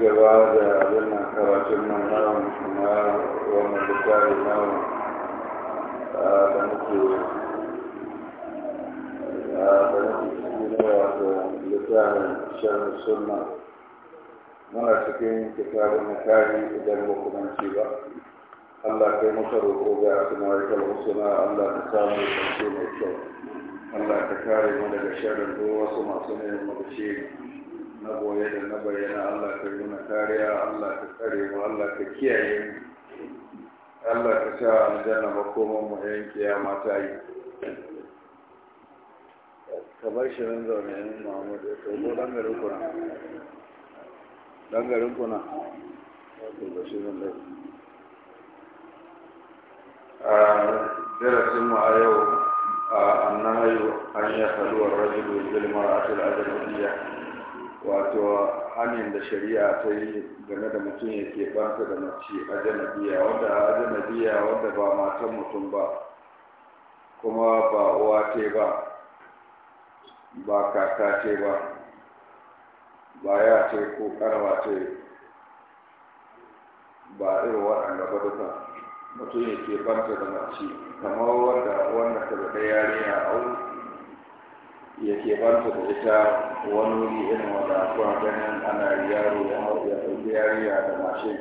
gaba da wannan karatun nan namu na wannan littafi namu da muke da muke cikin wato littafin shan sunna muna cikin kitabun mutari idan ba kuma ci ba Allah kai maka roƙo ga asma'ikal husna Allah ka samu kanci mai kyau Allah ka kare mu daga sharrin duk wasu masu neman mutunci na boye da na bayyana Allah ka yi kariya Allah ka tsare mu Allah ka kiyaye mu Allah ka sa aljanna makoman mu yan kiyama ta yi kamar shirin zaune yin Muhammad ya tobo dan garin kuna dan garin kuna da shirin da a darasin mu a yau a annahayu an ya faruwar rajulu bil mar'atil adamiyya wato hanyar da shari'a ta yi game da mutum ya ke banta da mace wanda a janabiya wanda ba matan mutum ba kuma ba uwa ce ba ba kaka ce ba ba ya ce ko karawa ce ba irin waɗanda ba duka mutum ya ke banta da mace kamar wanda wanda ta da yari a wuri Yake banta da ita wani wuri irin wanda kuma ganin ana yaro ya ɗauki yariya da mashin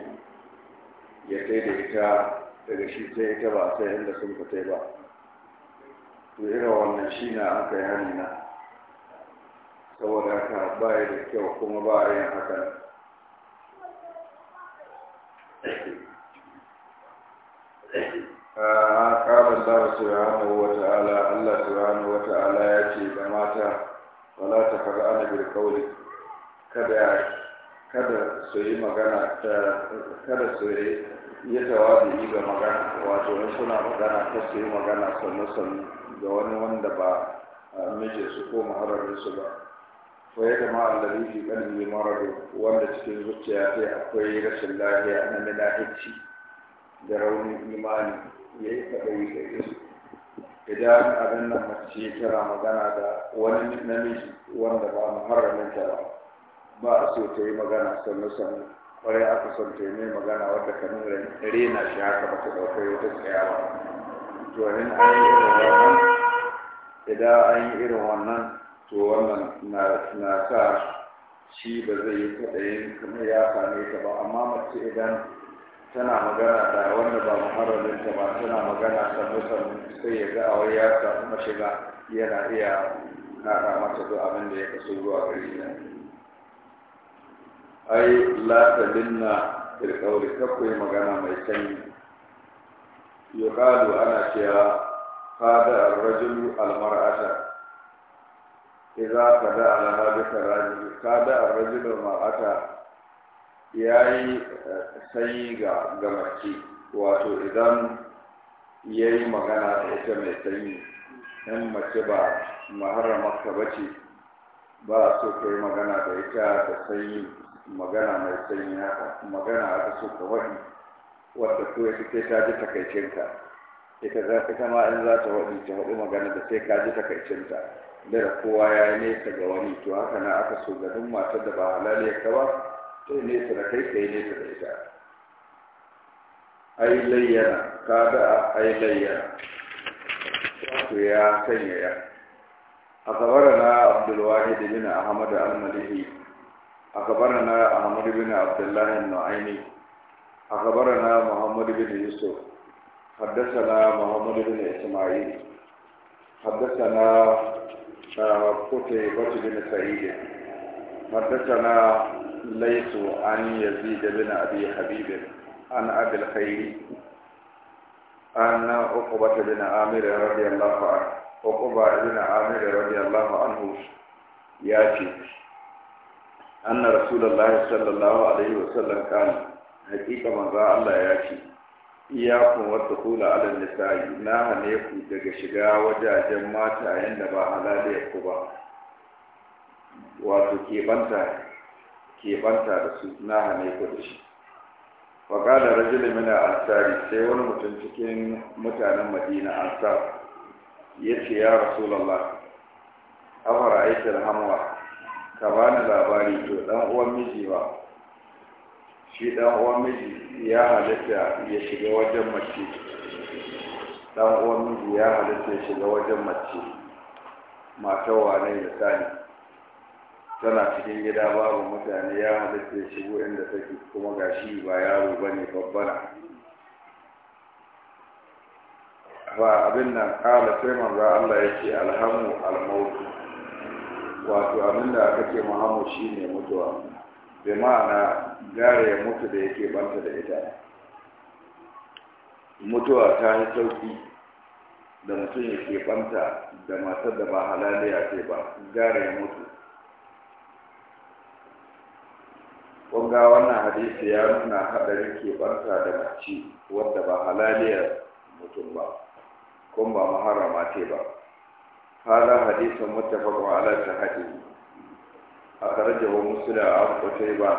ya kai da ita daga shi sai ita ba sai inda sun fita ba to irin wannan shi na aka yi na saboda haka ba da kyau kuma ba a yin hakan قال ya سبحانه wata bilkauli kada kada su yi magana ta kada su yi ya tawabi ga magana wato in suna magana ta su magana sannu sannu ga wani wanda ba mijin su ko mahararin su ba fa ya kama allazi fi qalbi maradu wanda cikin zuciya sai akwai rashin lafiya na milahici da raunin imani yayi kadai da isu idan abin nan mace tana magana da wani namiji wanda ba muharramin ta ba ba a so ta yi magana sannu sannu kwarai aka son ta yi mai magana wadda ka nuna rena shi haka ba ta ɗaukar wata tsaya ba to in an yi irin wannan idan an yi irin wannan to wannan na sa shi ba zai yi kaɗayin kamar ya same ta ba amma mace idan tana magana da wanda ba ta ba tana magana sannu-sannu sai ya ga awai ya samu mashiga yana iya kara mata duk abin da ya kaso zuwa gari na ai la ta dinna firkauri kakwai magana mai sanyi yuqalu ana cewa qada ar-rajulu al-mar'ata idza kada ala hadha ar-rajulu kada ar-rajulu al-mar'ata ya yi eh, sanyi ga gamarci wato idan ya yi magana da ita mai sanyi in mace ba maharamarka ba ce ba a so ka yi magana da ita da sanyi magana mai sanyi haka magana haka so ka waɗi wadda ko ya sai ta ji takaicinka ita za ta kama in za ta waɗi ta waɗi magana da sai ka ji takaicinta da kowa ya yi nesa ga wani to haka na aka so ga duk matar da ba halali ka ba kai nesa da kai kai nesa da ita ai layya, ka ga ai layya. wato ya sanya ya a kabara na abdulwahid bin ahmad al-malihi a kabara na ahmad bin abdullah al-nu'aini a kabara na muhammad bin yusuf na muhammad bin isma'il haddathana uh, ta kote bin sa'id na. ليس عن يزيد بن أبي حبيب عن أبي الخير عن عقبة بن عامر رضي الله عنه عقبة بن عامر رضي الله عنه ياتي أن رسول الله صلى الله عليه وسلم قال حقيقة من ذا الله ياتي iyakun wata kula ala nisa'i na hane ku daga shiga wajajen mata yadda ba halaliyar ku ba wato keɓanta banta da su na hane ku da shi wa kala rajul min ansari sai wani mutum cikin mutanen madina ansar yace ya rasulullah afara aikin hamwa ka bani labari to dan uwan miji ba shi dan uwan miji ya halatta ya shiga wajen mace dan uwan miji ya halatta ya shiga wajen mace mata wane tana cikin gida babu mutane ya halitta shigo inda take kuma gashi ba yaro ba ne babbana ba abin nan kala sai manzo Allah ya ce alhamu almautu wato abin da aka ce muhammad shine mutuwa bai ma'ana gare mutu da yake banta da ita mutuwa ta yi sauki da mutum ya ke banta da matar da ba halaliya ce ba gare mutu kun ga wannan hadisi ya nuna haɗarin keɓanta da mace wadda ba halaliyar mutum ba kuma ba maharama ce ba hada hadisin muttafaqun ala sahihi akhrajahu abu an ba.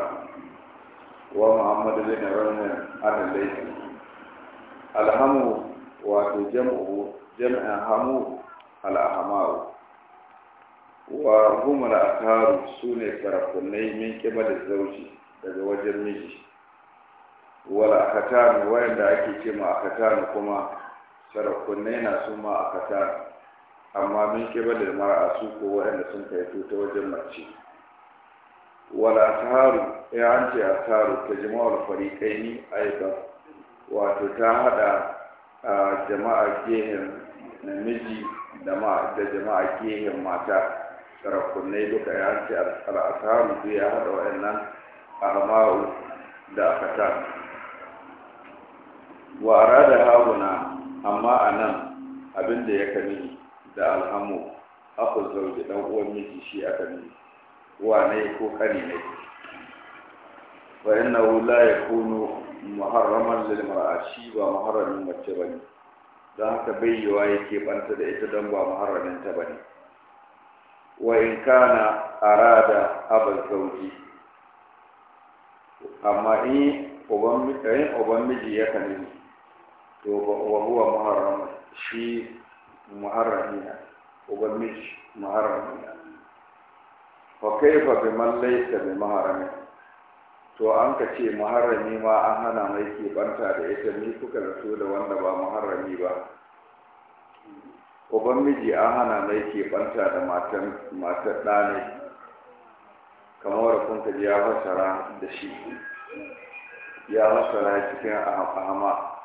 wa muhammad bin ranan an laythi alhamu wato jam'u jam'an hamu al wa hum al-akaru sune sarakunai min kibal zauji daga wajen miji wala akatanu wayanda ake ce ma akatanu kuma sarakunai na su ma akatanu amma min ke da mara su ko wayanda sun kai ta wajen mace wala asaru ya eh, an ce asaru ta jama'ar fariƙaini aiba wato ta hada a jama'a gehen miji da jama'a gehen mata sarakunai duka ya an ce al'asaru ya hada wayannan ahma'u da akata wa arada haguna amma a nan abinda ya kami da alhamu aku zauji dan uwan miji shi aka ne wa ne ko kani ne wa innahu la yakunu muharraman lil shi ba muharramin mace ne, don haka bayyawa yake banta da ita don ba muharramin ta ne. wa in kana arada abin zauji amma in uban uban miji ya kane to wa huwa muharram shi muharrami ne uban miji muharrami ne fa kaifa bi man laysa bi muharrami to an ka ce muharrami ma an hana mai banta da ita ni kuka zato da wanda ba muharrami ba uban miji an hana mai banta da matan matar dane kamar kunta ya fassara da shi ya fassara cikin ahama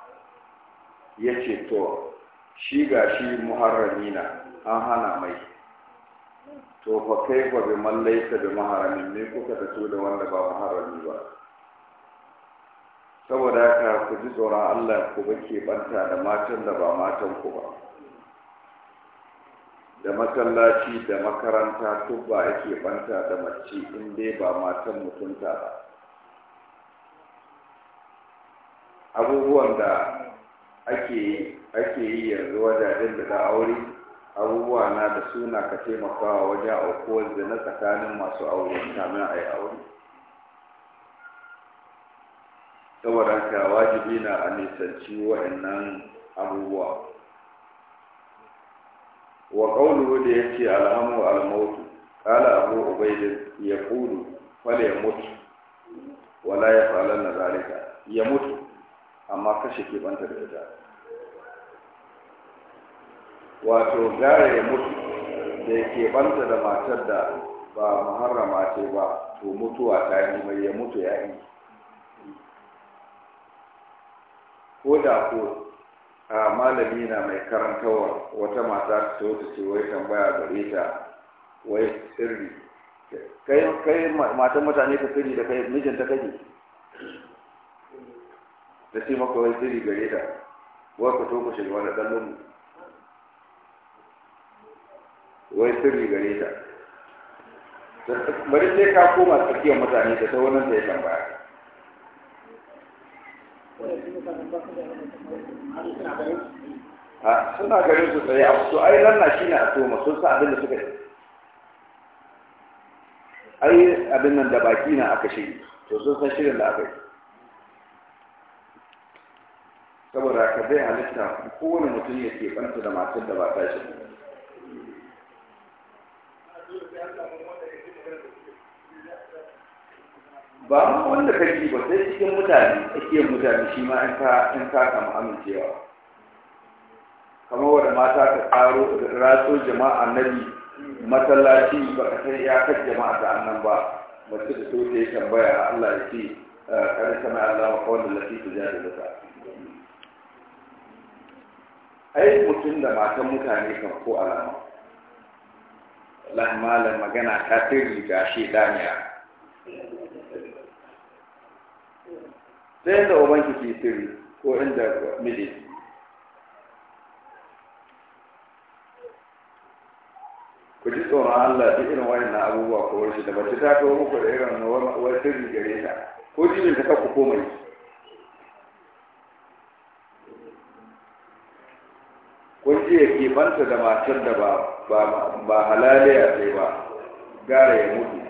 ya ce to shi ga shi muharrami na an hana mai to fa kai fa bi mallaita da maharamin ne kuka da da wanda ba muharrami ba saboda haka ku ji tsoron Allah ku ba ke banta da matan da ba matan ku ba da masallaci da makaranta duk ba ake banta da mace in dai ba matan mutunta ba abubuwan da ake yi yanzu wajajen da da aure abubuwa na da suna ka taimakawa wajen aukuwar da na tsakanin masu aure kamin a yi aure saboda ka wajibi na a nisanci wa'annan abubuwa wa qawluhu da yake alhamu almautu qala abu ubayd yaqulu fala yamut wala yafalanna zalika yamut amma kashe ke banta da ita wato gare ya mutu da yake banta da matar da ba muharrama ce ba to mutuwa ta yi mai ya mutu ya yi ko da ko a malami na mai karantawa wata mata ta so ta ce wai tambaya gare ta wai sirri kai kai matan mutane ka sirri da kai mijinta ke. ta ce maka wai sirri gare ta wai ku to ku shiga wani ɗan mu. wai sirri gare ta bari sai ka koma tsakiyar mutane da ta wani ta ya tambaya a suna garin su tsaye a su ai lanna shi ne a toma sun sa abin da suka yi ai abin nan da baki na aka shi to sun san shirin da aka yi saboda ka zai halitta kowane mutum ya ke ɓanta da matan da ba ta shi ba mu wanda ka ba sai cikin mutane ake mutane shi ma in ka in ka kama amincewa kamar wanda mata ka karo raso jama'a nabi masallaci ba ka san kai jama'a da annan ba mace da so ta yi tambaya Allah ya ce eh, kada sama Allah wa kawai da lafi ta jada da ai mutum da matan mutane kan ko alama lahmalar magana ta sirri ga shi sai inda ubanki ke sirri ko inda mili ku ji tsoron Allah duk irin wannan abubuwa ko wani da mace ta kawo muku da irin wani sirri gare ta ko jinin ta ku komai kun ji ya banta da matar da ba halaliya sai ba gara ya mutu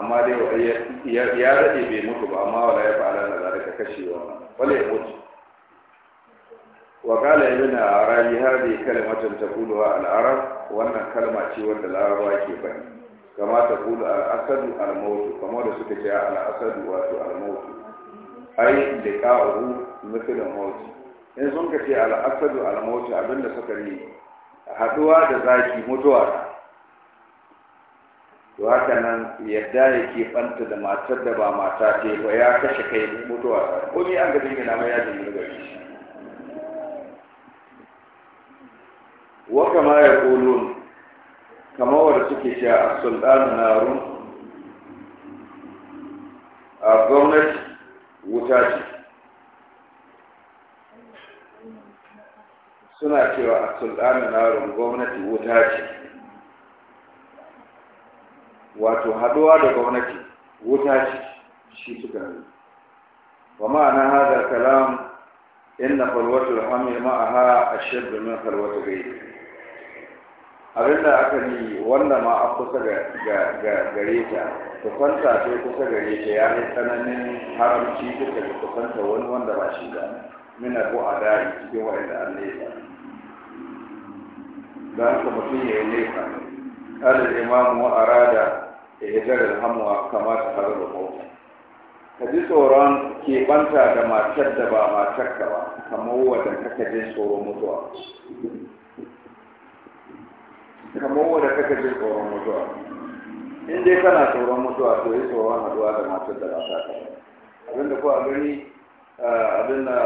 amma dai ya rage bai mutu ba amma wala ya fa'ala na zalika kashewa wala ya mutu wa da ya arabi hadhihi ta Kulu a arab wannan kalma ce wanda larabawa ke faɗi kama taqulu a asadu al maut kama da suka ce al asadu wato al maut ai liqa'uhu mithl al mautu in sun ka ce al asadu al abinda suka yi haduwa da zaki mutuwa to haka nan yadda yake ke banta da matar da ba mata ce ba ya kashe kai mutuwa ko ni an ga dinga na mai yaji ne gari wa kama ya kulun kama wa da suke cewa as sultanu narun a gwamnati wuta ce suna cewa as sultanu narun gwamnati wuta ce wato haduwa da gwamnati wuta ce shi suka yi wa ma'ana hada kalam inna falwatul hamil ma'aha ashaddu min falwatul ghayr abinda aka yi wanda ma a kusa ga gare ta kusanta sai kusa gare ta ya yi tsananin haramci duka da kusanta wani wanda ba shi ba min abu a dari cikin wa'anda an nesa da haka mutum ya yi nesa قال imamu arada ihzar alhamwa kama ta da mota ka ji tsoron keɓanta da matar da ba ka ba kamar wadda kaka jin tsoron mutuwa kamar wadda kaka jin tsoron mutuwa in dai kana tsoron mutuwa to yi tsoron haɗuwa da matar da ba ta abinda ko a gani abin da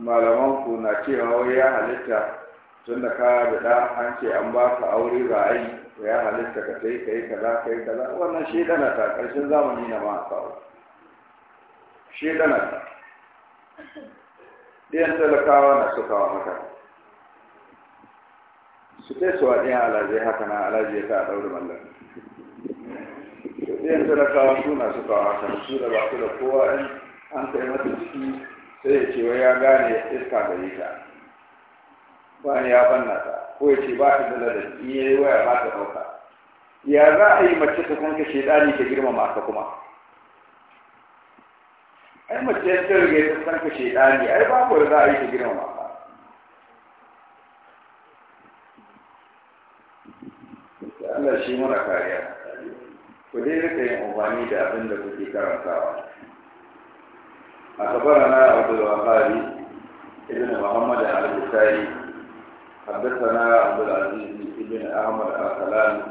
malamanku na cewa wai ya halitta tun da ka da an ce an ba ka aure ba a yi ya halitta ka kai, ka yi kaza ka yi kaza wannan shedana ta ƙarshen zamani na ma kawo shedana ta ɗiyan talakawa na su kawo maka su kai su waɗiyan alajai haka na alajai ta ɗaure mallar ɗiyan talakawa su na su kawo haka su da ba su da kowa an kai mata ciki sai ya ce ya gane iska yi ta wani ya banna ta ko ya ce ba ta da ladabi in yi waya ba ta dauka ya za a yi mace ta kanka shedani ta girmama ka kuma ai mace ya ce rage ta kanka shedani ai ba ku za a yi ta girmama ka Allah shi mana kariya ku dai rika yin amfani da abin da kuke karantawa abu da wahari ibn محمد al-bukhari حدثنا عبد العزيز بن احمد الخلال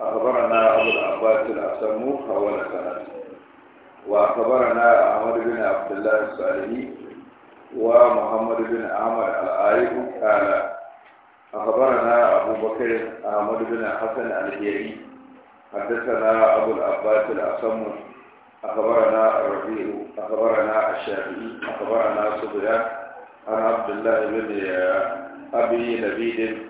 اخبرنا ابو العباس الأسمو حول سنته واخبرنا احمد بن عبد الله الصالحي ومحمد بن عمر الآيب قال اخبرنا ابو بكر احمد بن حسن الهيري حدثنا ابو العباس الأسمو أخبرنا الربيع أخبرنا الشافعي أخبرنا سفيان عن عبد الله بن abi labidin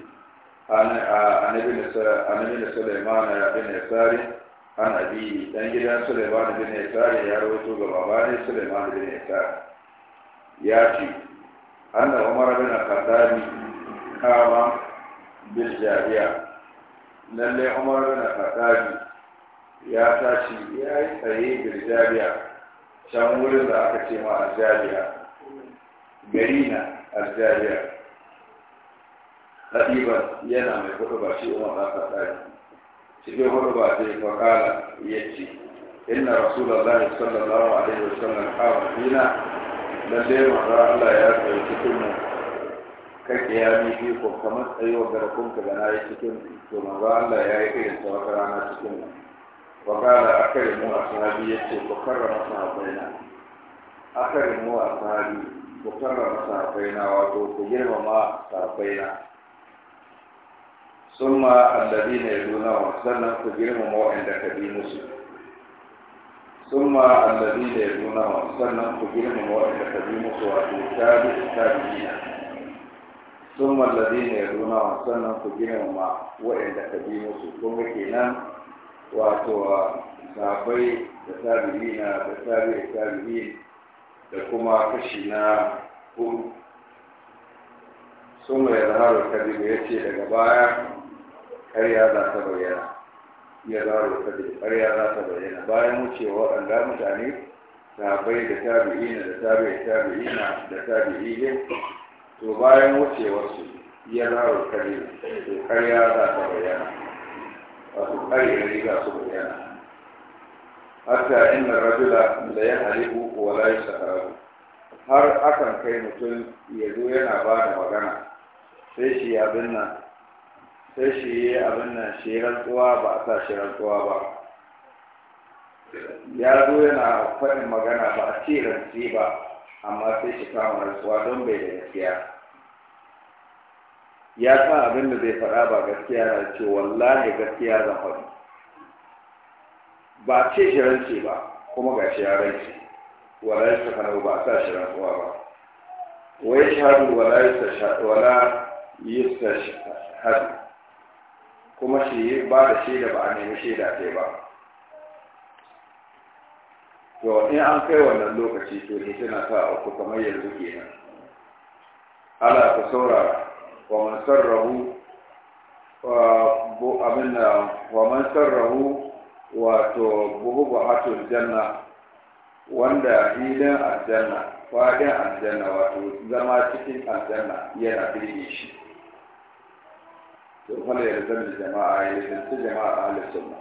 an ibn Sulaiman bin Yasari an abi dan gidan Sulaiman bin Yasari ya rawaito ga babane Sulaiman bin ya ce anna Umar bin Khattab kama bil jariya Umar bin Khattab ya tashi ya yi tsaye bil jariya can wurin da aka ce ma aljariya gari na aljariya hadiban yana mai kudu ba shi umar za ta tsari cikin hudu ba sai fakala ya ce inna rasulallah sallallahu alaihi wa sallam dina lalle maza Allah ya tsaye cikin mu kake ya mi fi ko kamar tsayuwar garkun ka gana ya cikin to maza Allah ya yi irin ta wata rana cikin mu fakala akari mu a sahabi ya ce ku karrama sahabaina akari mu a sahabi wato ku girmama sahabaina sun ma allabi na yaluna wa sannan ku girmama waɗanda ka bi musu sun ma allabi na yaluna wa sannan ku girmama waɗanda ka bi musu wato tabi tabi'ina sun ma allabi na yaluna wa sannan ku girmama waɗanda ka bi musu kuma ga kenan wato sabai da tabi'ina da tabi'i tabi'in da kuma kashi na hudu sun mai zaharar kadibu ya ce daga baya ƙarya za ta bayyana ya a ta da ƙarya za ta bayyana bayan wucewa waɗanda mutane sahabbai da tabi'ina da tabi'i tabi'ina da ne to bayan wucewarsu ya a kare da ƙarya za ta bayyana wato ƙarya za su bayyana hatta inna rajula la yahliku wa la yasahrabu har akan kai mutum ya zo yana ba da magana sai shi ya binna sai shi yi abin nan shi rantsuwa ba a sa shi rantsuwa ba ya zo yana faɗin magana ba a ce rantsi ba amma sai shi kama rantsuwa don bai da gaskiya ya sa abin da zai faɗa ba gaskiya na ce wallahi gaskiya zan faɗi ba a ce shi rantsi ba kuma ga shi ya rantsi wala ya sa ba a sa shi rantsuwa ba wai shahadu wala ya sa shaɗu kuma shi ba da da ba a nemi shi da ba to in an kai wannan lokaci to ne suna sa uku kamar yanzu kenan ala ku saurara wa man sarrahu abin wa man sarrahu wato hatu janna wanda filin aljanna fadin aljanna wato zama cikin aljanna yana birge shi to fala da jama'a ya tsinci jama'a a ahlus sunna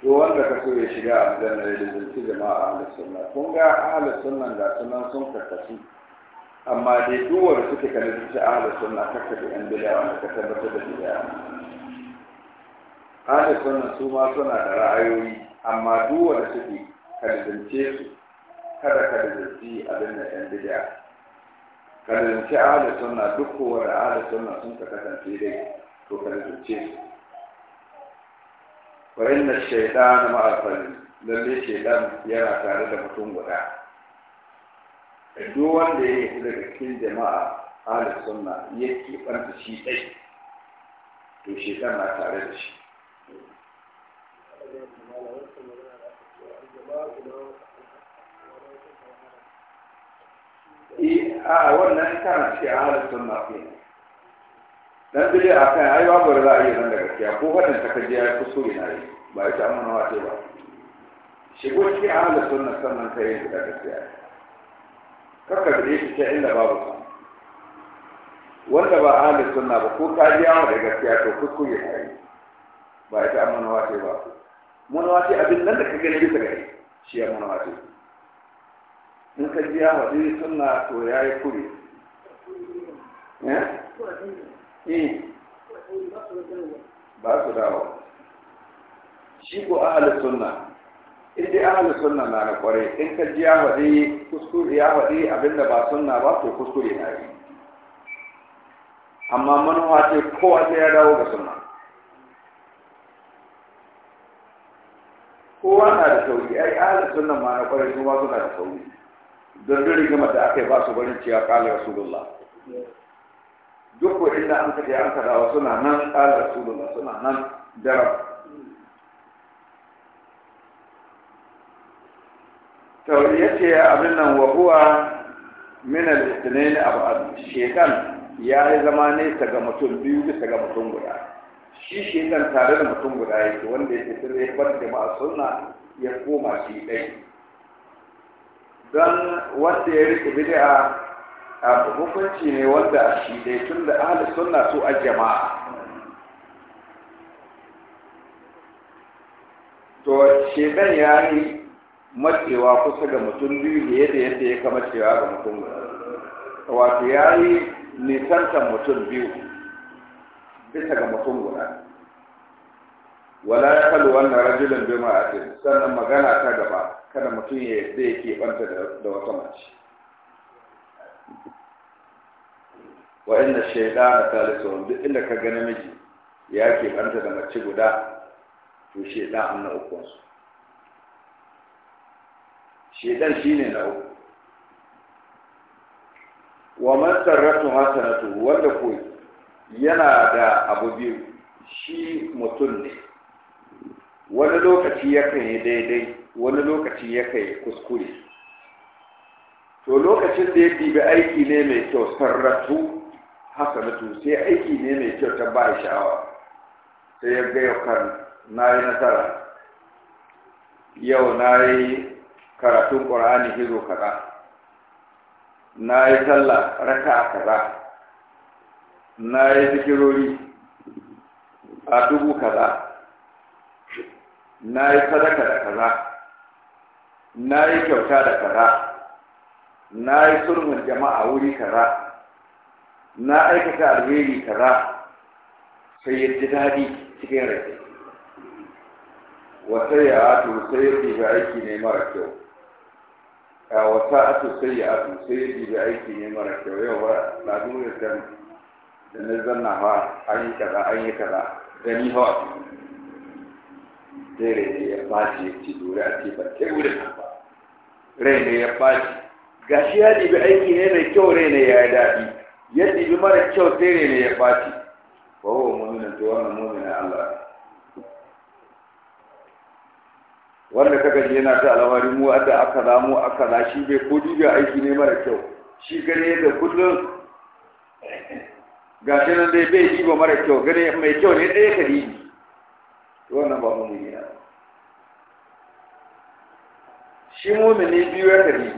to wanda ka so ya shiga a aljanna ya tsinci jama'a a ahlus sunna kun ga ahlus sunna da sunan sun karkasu amma dai duwar suke kalin a ahlus sunna kakka da yan bid'a da ka tabbatar da a ahlus sunna su ma suna da ra'ayoyi amma duwar suke kalin su kada ka da abin da yan bid'a karanci ahli sunna duk kowa da ahli sunna sun ka kasance dai to karanci su wa inna shaytana ma'al fadl lalle shaytan yana tare da mutum guda duk wanda ya yi daga cikin jama'a ahli sunna ya kibanta shi to shaytan na tare da shi eh a wannan kana ce a halin sunna ke dan bile a kan ai babu za a yi nan da gaskiya ko fadan ta kaje ya kuskure na yi ba ita amana wa ce ba shigo cikin halin sunna sannan kai yi da gaskiya kaka da shi ta inda babu wanda ba halin sunna ba ko ka ji da gaskiya to kuskure na yi ba ita amana wa ce ba mun wace abin nan da ka gani bisa gari shi amana wa ce in ka ji ya faɗi suna to ya yi kuri eh? eh. ba su dawo shi ko ahal sunna in dai ahal sunna na na kware in ka ji ya kuskuri kuskure ya faɗi abinda ba sunna ba to kuskure na yi amma manuwa ce kowa sai ya dawo ga sunna kowa na da sauri ai ahal sunna ma na kware su ma suna da sauri don dole gama da aka yi ba su barin cewa kala rasulullah duk ko inda an kaje an kadawa suna nan kala rasulullah suna nan daram to yace abin nan wa huwa min al-ithnain abad shaytan ya yi zama ta ga mutum biyu bisa ga mutum guda shi shekan tare da mutum guda yake wanda yake sirri ya bar jama'a sunna ya koma shi ɗaya don wanda ya riƙe bid'a a hukunci ne wanda a shi dai tun da ahli sunna su a jama'a to shedan ya yi matsewa kusa ga mutum biyu da yadda yadda ya kama cewa ga mutum wato ya yi nisantar mutum biyu bisa ga mutum guda wala ya kalu wannan rajulun bi ma'atin sannan magana ta gaba kada mutum ya zai ke banta da wata mace wa inna na talisa duk inda ka ga namiji ya ke banta da mace guda to shaida an na uku su shaytan shine na uku wa man sarratu hasanatu wanda ko yana da abu biyu shi mutum ne wani lokaci yakan yi daidai wani lokaci yakan yi kuskure to lokacin da ya ɗibi aiki ne mai kyau sarratu hasanatu sai aiki ne mai kyau ta ba sha'awa sai ya ga kan na yi nasara yau na yi karatun ƙur'ani hizo kaza na yi sallah raka a kaza na yi zikirori a dubu kaza na yi sadaka da kaza na yi kyauta da kaza na yi sulhun jama'a wuri kaza na aikata alheri kaza sai ya ji daɗi cikin rai wata ya atu sai ya ga aiki ne mara kyau a wata atu sai ya atu sai ya ga aiki ne mara kyau yau ba na duniya da na zanna ba an yi kaza an yi kaza gani hawa sai ne ya bashi ya ci dole a ce ban kai wurin nan ba rai ne ya bashi gashi ya ɗibi aiki ne mai kyau rai ne ya yi daɗi ya ɗibi mara kyau sai ne ya ba wa huwa to wannan mu'minin Allah ne wanda kaga ji yana ta alamari mu adda aka za mu aka za shi bai ko dubiya aiki ne mara kyau shi gane yadda kullum ga shi nan dai bai diba mara kyau gane mai kyau ne ɗaya ka dibi wannan ba mumini shi mumini biyu ya kari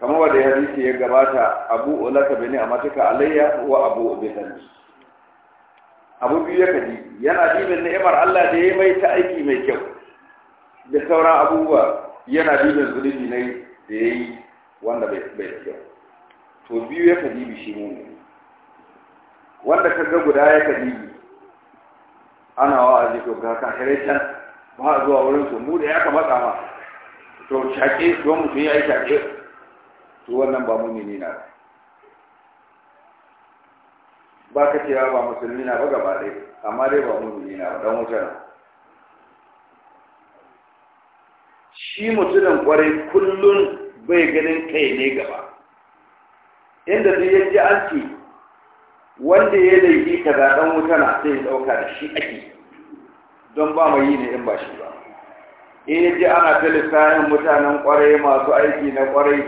kamar wanda ya rike ya gabata abu ulaka bani matuka alayya wa abu ubedani abu biyu ya kari yana dibin ni'imar Allah da ya mai ta aiki mai kyau da sauran abubuwa yana dibin zulubi ne da ya yi wanda bai kyau to biyu ya kari shi mumini wanda kaga guda ya kari ana wa'azi to ga kafirai can ba a zuwa wurin su mu da ya kamata ma to shaƙe don mutum ya yi shaƙe to wannan ba mumini na ba ka ce ba musulmi na ba gaba ɗaya amma dai ba mumini na ba don wuta na shi mutumin kwarai kullum bai ganin kai ne gaba inda duk ya ji an ce wanda ya laifi ta dan wuta na sai ya dauka da shi ake don ba mai yi ne in ba shi ba in ya ji ana ta lissafin mutanen kwarai masu aiki na kwarai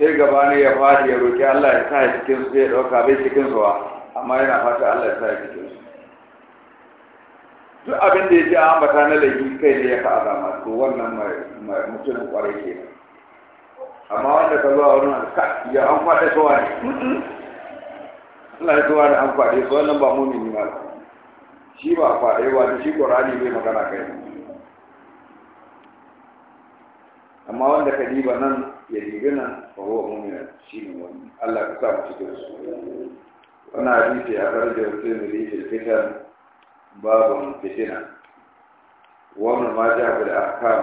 sai gaba ne ya fadi ya roki Allah ya sa ya cikin su sai ya dauka bai cikin su ba amma yana fata Allah ya sa ya cikin su duk abin da ya ji an bata na laifi kai ne ya ka azama to wannan mutumin kwarai ke. amma wanda ka zo a wurin ka ya an fada kowa ne Allah ya zuwa da an faɗe su wannan ba mu ni ba shi ba faɗe ba shi Qur'ani bai magana kai amma wanda ka diba nan ya dibi nan fa huwa mu'min shi ne wani Allah ka sa mu cikin su wannan hadisi a karjar Tirmidhi fil fitan babun fitina wannan ma ja bil ahkam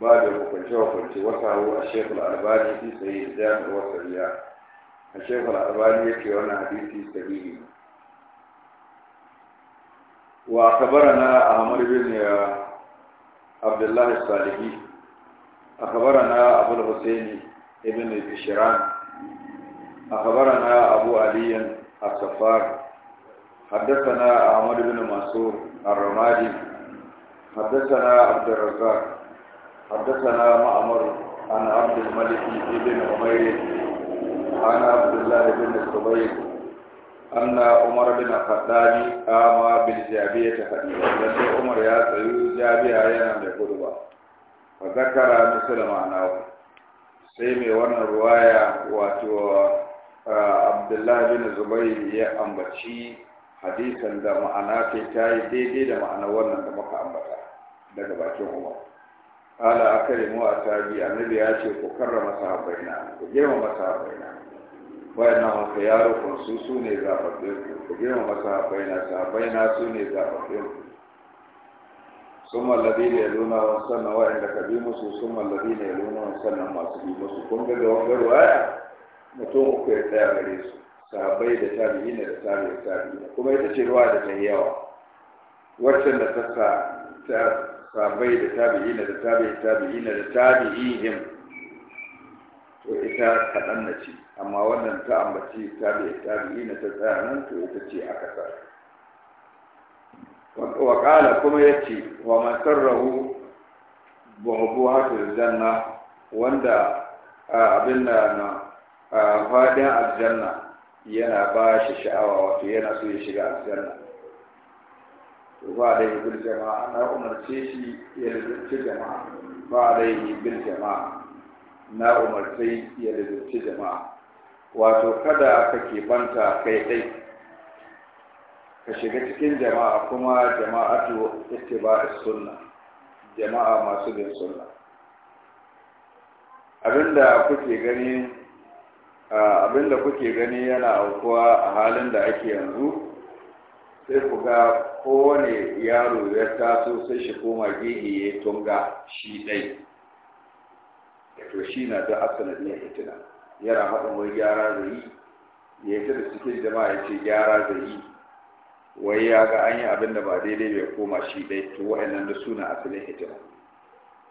da hukunce hukunce wasa a shekul albani fi sahih Jami' wa Sariya الشيخ shekul يكي وانا حديثي سبيلي وأخبرنا sahihi بن عبد الله الصالحي أخبرنا أبو الحسين ابن بشيران أخبرنا أبو علي الصفار حدثنا أحمد بن منصور الرمادي حدثنا عبد الرزاق حدثنا معمر عن عبد الملك ابن عمير عن عبد الله بن الزبير أن عمر بن الخطاب قام بالجابية فقال لأن عمر يا سيد جابية يا نبي قربا فذكر مثل ما معناه سيمي وانا رواية واتو عبد الله بن الزبير يا أمبتشي حديثا دا معنا تاي دي دي دا معنا وانا دا مكا أمبتا دا باكي عمر قال أكرموا أتابي النبي يا شيخ كرم صحابينا وجرم صحابينا wayannan haka yaro su su ne zaɓaɓɓen ku girmama sahabbai na sahabbai na su ne zaɓaɓɓen ku sun mallabi ne luna sannan wayanda ka bi musu sun mallabi ne luna sannan masu bi musu kun ga ga wani ruwaya mutum uku ya tsaya gare su sahabbai da tabi'i ne da tabi'i tabi'i kuma ita ce ruwa da ta yawa waccan da ta sa sahabbai da tabi'i ne da tabi'i tabi'i ne da yin, to ita kaɗan na ce amma wannan ta ambaci tabi tabi'i na ta tsaya nan to ita ce aka sa wa qala kuma yace wa man sarrahu buhubuhatul janna wanda abin da na fadin aljanna yana ba shi sha'awa wato yana so ya shiga aljanna to ba da yi bil jama'a na umarce shi ya rubuce jama'a ba da yi bil jama'a na umarce ya rubuce jama'a wato kada ka banta kai ɗai ka shiga cikin jama'a kuma jama'atu ittiba'i sunna jama'a masu bin sunna abinda kuke gani abinda kuke gani yana aukuwa a halin da ake yanzu sai ku ga kowane yaro ya taso sai shi koma gehe ya tunga shi ɗai to shi na da asalin ne fitina yana haɗin wai gyara da yi ya yi da cikin jama'a ya ce gyara da yi wai ya ga an yi abin da ba daidai bai koma shi ɗai to wa'annan da suna asalin hijira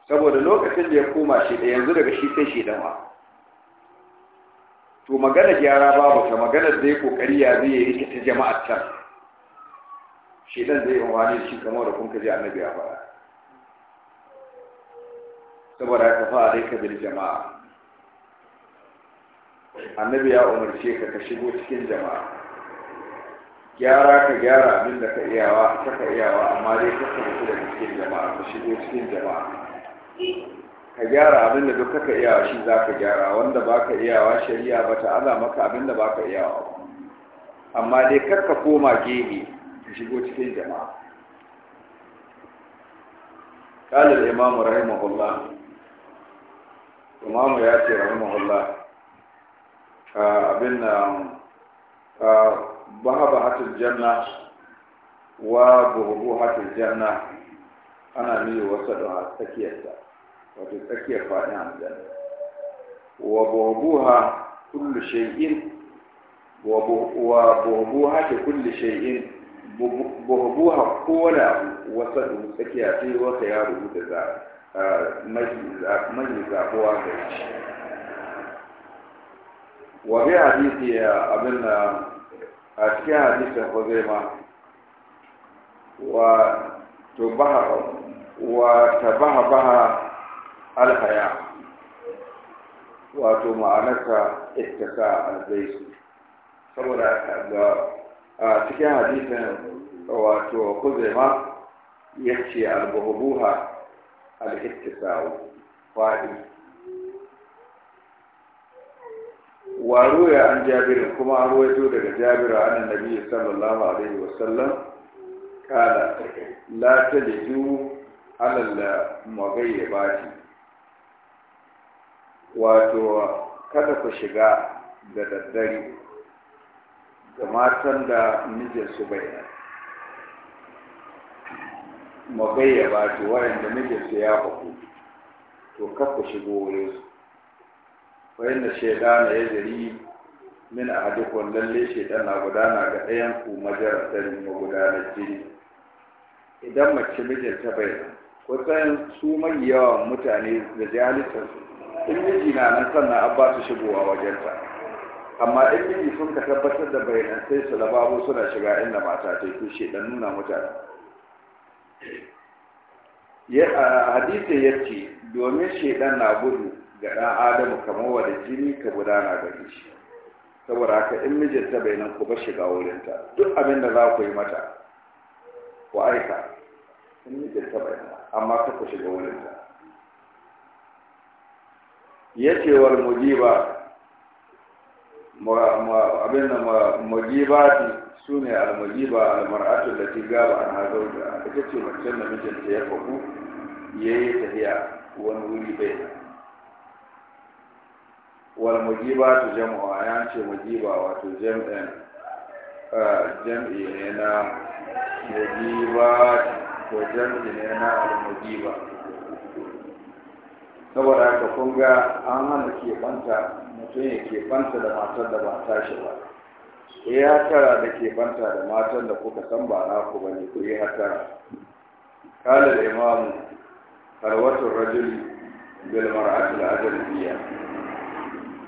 saboda lokacin da ya koma shi ɗai yanzu daga shi sai shi dama to magana gyara babu ta magana da ya kokari ya zai yi rikita jama'a can shi ɗan zai yi wani shi kamar da kun kaji annabi ya faɗa saboda ka fa dai ka bil jama'a annabi ya umarce ka ka shigo cikin jama'a gyara ka gyara abin da ka iyawa ka iyawa amma dai ka fito daga cikin jama'a ka shigo cikin jama'a ka gyara abin da duk ka iyawa shi za ka gyara wanda ba ka iyawa shari'a ba ta ala maka abin da ba ka iyawa amma dai kar ka koma gebe ka shigo cikin jama'a قال imamu rahimahullah imamu ya ce rahimahullah Ah, abin nan ah, hatin janna wa hatin janna ana nuna wasa da tsakiyarta wato tsakiyar faɗin aljanna wa ha kullu shay'in wa ha ke kullu shay'in ha kowane abu wasa da tsakiyar sai wata ya rubuta ah, majalisa zaɓuwa ga shi wa bi hadisi abin da a cikin hadisin huzaima wa tubaha wa tabaha baha alhaya wato ma'anarsa ittaka alzaisu saboda a cikin hadisin wato huzaima ya ce albuhubuha al-ittisa'u faɗi waro ya an jabirin kuma an ruwaito daga jabira an nabi sallallahu alaihi wasallam kala la taliju alalla magayyabati wato kada ku shiga da daddare ga matan da mijinsu bai nan magayyabati wa'anda mijinsu ya haku to kakku shigo wurinsu wa na ya yajri min a ahadikum lalle shaytan na gudana ga ɗayan ku majaratan gudana jini idan mace ta bai kusan su mai yawan mutane da jahalitar in miji na nan sannan an ba su shigowa wajenta amma in miji sun ka tabbatar da bayanan sai su suna shiga inda mata ta kushe da nuna mutane ya hadisi ya ce domin shaidan na gudu ga ɗan adamu kamar wanda jini ka gudana ga shi saboda haka in mijinta bai nan ku ba shiga wurinta duk abin da za ku yi mata ku aika in mijinta bai nan amma ka ku shiga wurinta ya ce wal mujiba abin da magibati su ne almagiba almar'atu da ti gaba an hazau da ita ce mace macen da mijinta ya faku ya yi tafiya wani wuri bai nan wal magiba tu jama'a ya ce magiba wato jam'in jam'i ne na magiba ko jam'i ne na al saboda ka kun ga an hana keɓanta mutum ya ke banta da matar da ba ta shi ba ku yi hatara da keɓanta da matan da kuka san ba na ku bane ku yi hatara kala da imamu harwatun rajul bil ajiyar ajnabiyya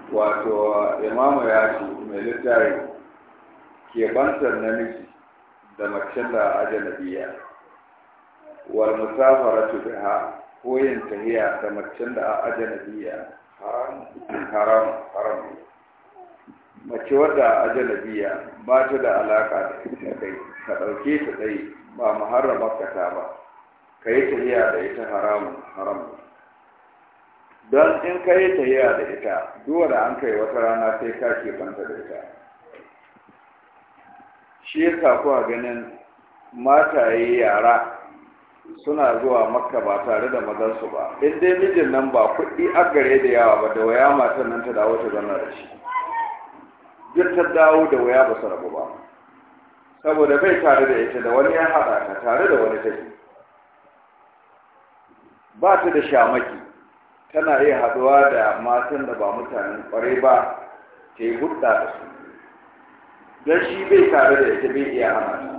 wato imamu ya ce mai littafi keɓantar namiji da macen da ajnabiyya wal musafaratu biha koyin tahiya da macen da a ajanabiya haram haram mace wadda ajanabiya ba ta da alaka da kai ka ɗauke ta tsaye ba muharrama ka ta ba ka yi tahiya da ita haram haram don in ka yi tahiya da ita duwa da an kai wata rana sai ka ke banta da ita shi yasa kuwa ganin mataye yara suna zuwa makka ba tare da mazansu ba in dai mijin nan ba kuɗi a gare da yawa ba da waya matan nan ta dawo ta zanna da shi duk ta dawo da waya ba su rabu ba saboda bai tare da ita da wani ya haɗa ta tare da wani take ba ta da shamaki tana iya haɗuwa da matan da ba mutanen ƙwarai ba ta yi hudda da su don shi bai tare da ita bai iya hana ta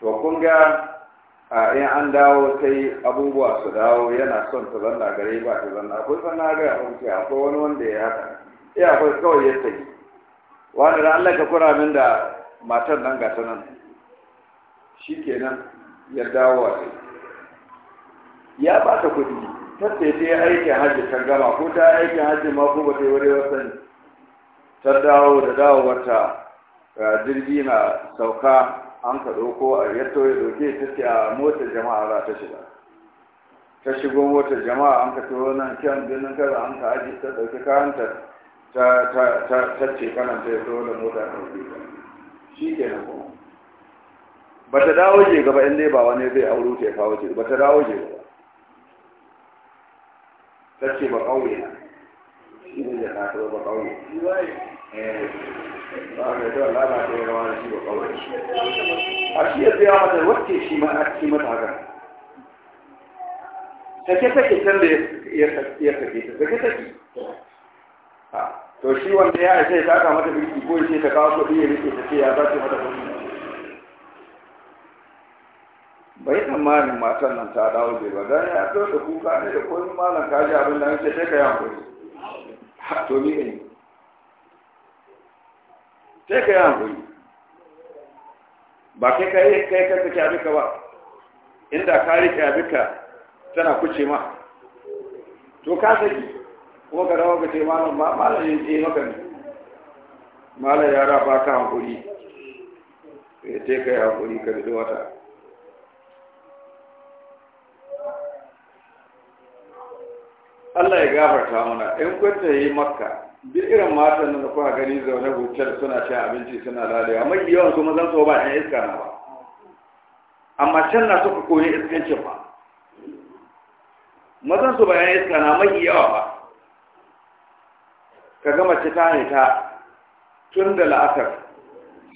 to kun ga in an dawo sai abubuwa su dawo yana son ta zanna gare ba ta zanna akwai sanna ga yawon ce akwai wani wanda ya haka ya eh, akwai kawai ya tafi wani da allaka kura min da matar nan ga nan shi kenan ya dawo a sai ya ba ta kuɗi ta ce ta yi aikin hajji ta gama ko ta aikin hajji ma ko ba ta yi wani wasan ta dawo da dawowarta jirgi na sauka an ka ɗauko a yato ya ɗauke ta ce a motar jama'a za ta shiga ta shigo motar jama'a an ka tuwo nan kyan birnin kaza an ka aji ta ɗauki kayanta ta ta ta ce kanan ta ya tuwo da mota ta wuce ta shi ke na kuma ba ta dawo je gaba in dai ba wani zai auro ta ya kawo ce ba ta dawo je gaba ta ce ba ƙauye na shi ne ya ta ba ƙauye a shi ya tsaya mata wacce shi ma a ci mata haka take take can da ya take ta take take to shi wanda ya aise ta aka mata birki ko ce ta kawo kuɗi ya rike ta ce ya zace mata kuɗi bai tsammanin matan nan ta dawo bai ba dan ya zo da kuka ne da koyon malam kaji abin da nake take ya hankali to ni ne sai ka yi hankali ba kai ka yi kai ka saki ba inda ka rike bika tana kuce ma to ka saki kuma ka dawo ka ce malam ba malam yin yi maka ne malam yara ba ka hankali ya eh, ce ka yi hankali ka bi wata Allah ya gafarta mana in kwanta yi makka duk irin matan nan da kuka gani zaune hotel suna cin abinci suna lalewa mai yawan su mazan su ba ɗan iska na ba amma can na suka koyi iskancin ba mazan su bayan iska na mai yawa ba ka gama ci ta haita tun da la'asar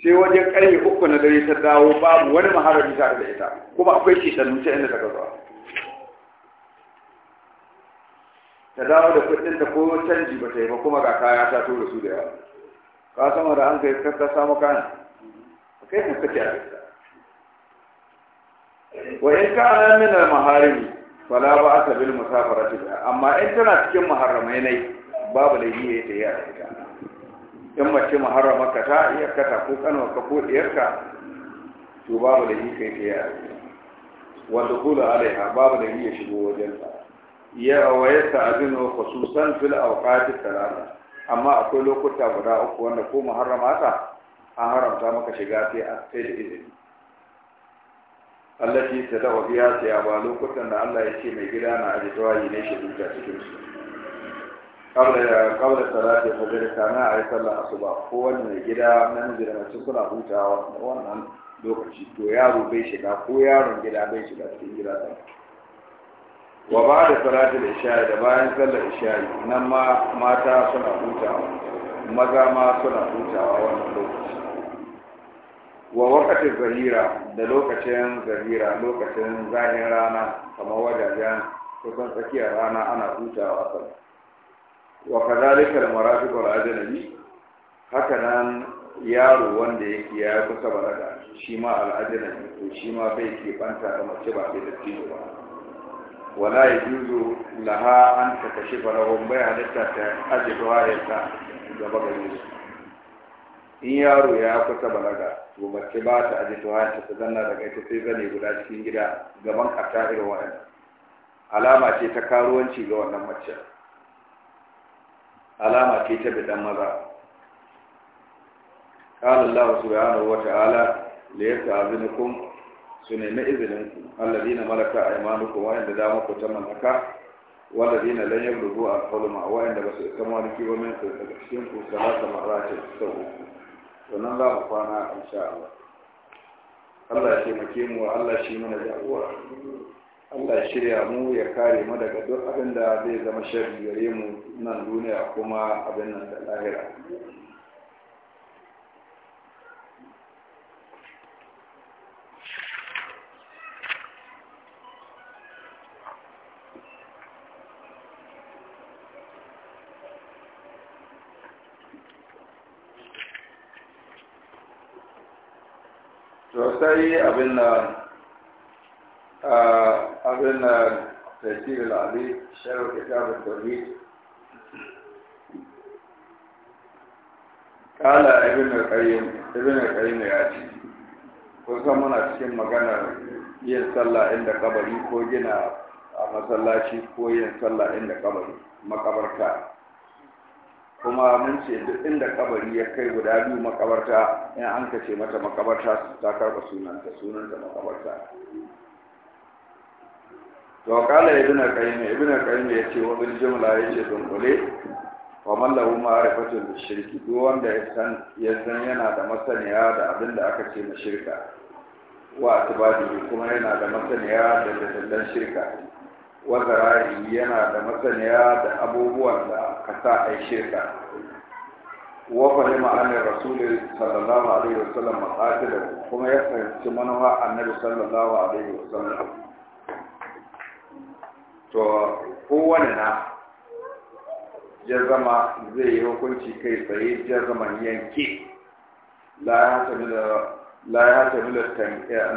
sai wajen ƙarfe uku na dare ta dawo babu wani maharar bisa da ita kuma akwai ce ta nuce inda ta gazawa ta dawo da kudin da ko canji ba ta yi ba kuma ga kaya ta tura su da yawa ka sama da an kai ka samu kayan kai ka kake a wa in ka ana min al maharimi fala ba aka bil musafarati amma in tana cikin maharramai ne babu da ya ta yi a ita in mace maharrama ka ta iya ta ko kanwa ka ko diyarka to babu laifi kai ta yi a ita wa dukulu alaiha babu laifi ya shigo wajen ta ya waye abin khususan fil awqati salasa amma akwai lokuta guda uku wanda ko muharrama ta an haramta maka shiga sai a sai da izini Allah ta dawo biya sai ba lokutan da Allah ya ce mai gida na aji tawayi ne shi duka cikin su kabla kabla salati fajr kana ayi sallar asuba ko wani mai gida namiji da mace suna hutawa wannan lokaci to yaro bai shiga ko yaron gida bai shiga cikin gida sai wa ba da salatul isha'i da bayan sallar isha'i nan ma mata suna hutawa maza ma suna hutawa wannan lokaci wa wakatin zahira da lokacin zahira lokacin zahin rana kamar wajajen kusan tsakiyar rana ana hutawa sallah wa kadhalika al-marafiq al-ajnabi haka nan yaro wanda yake ya kusa balaga shi ma al-ajnabi to shi ma bai ke banta da mace ba da tijo ba wala ya juzo laha an ta kashe farahun bai halitta ta aje ruwayarta gaba gare su in yaro ya kusa balaga to mace ba ta aje ruwayarta ta zanna daga ita sai zane guda cikin gida gaban kata irin wa'annan alama ce ta karuwanci ga wannan mace alama ce ta bidan maza قال الله سبحانه وتعالى ليستأذنكم su nemi izinin ku na malaka a kuma wa'anda da ku ta mallaka lanyar rubu a al-hulma wa'anda ba su ita maliki ba min daga cikin ku salata su sau uku sannan za mu kwana insha Allah Allah ya taimake mu Allah shi mana jagora Allah ya shirya mu ya kare mu daga duk abin da zai zama sharri gare mu nan duniya kuma abin nan da lahira sai abin na abin na tafsir al-ali sharh kitab al-tawhid kala ibn al-qayyim ibn qayyim ya ce kusan muna cikin maganar yin sallah inda kabari ko gina a masallaci ko yin sallah inda kabari makabarta kuma mun ce duk inda kabari ya kai guda biyu makabarta in an ka ce mata makabarta ta karɓa sunanta sunanta makabarta to kala ibn qayyim ibn qayyim ya ce wa bil jumla ya ce don kule wa man lahu ma'rifatun bi shirki duk wanda ya san ya san yana da masaniya da abin da aka ce na shirka wa atibadi kuma yana da masaniya da dalilan shirka wa zara'i yana da masaniya da abubuwan da ka sa a shirka wa fahima an rasuli sallallahu alaihi wasallam maqatila kuma ya fahimci manuwa annabi sallallahu alaihi wasallam to kowane na ya zama zai yi hukunci kai tsaye ya zama yanke la ya tamila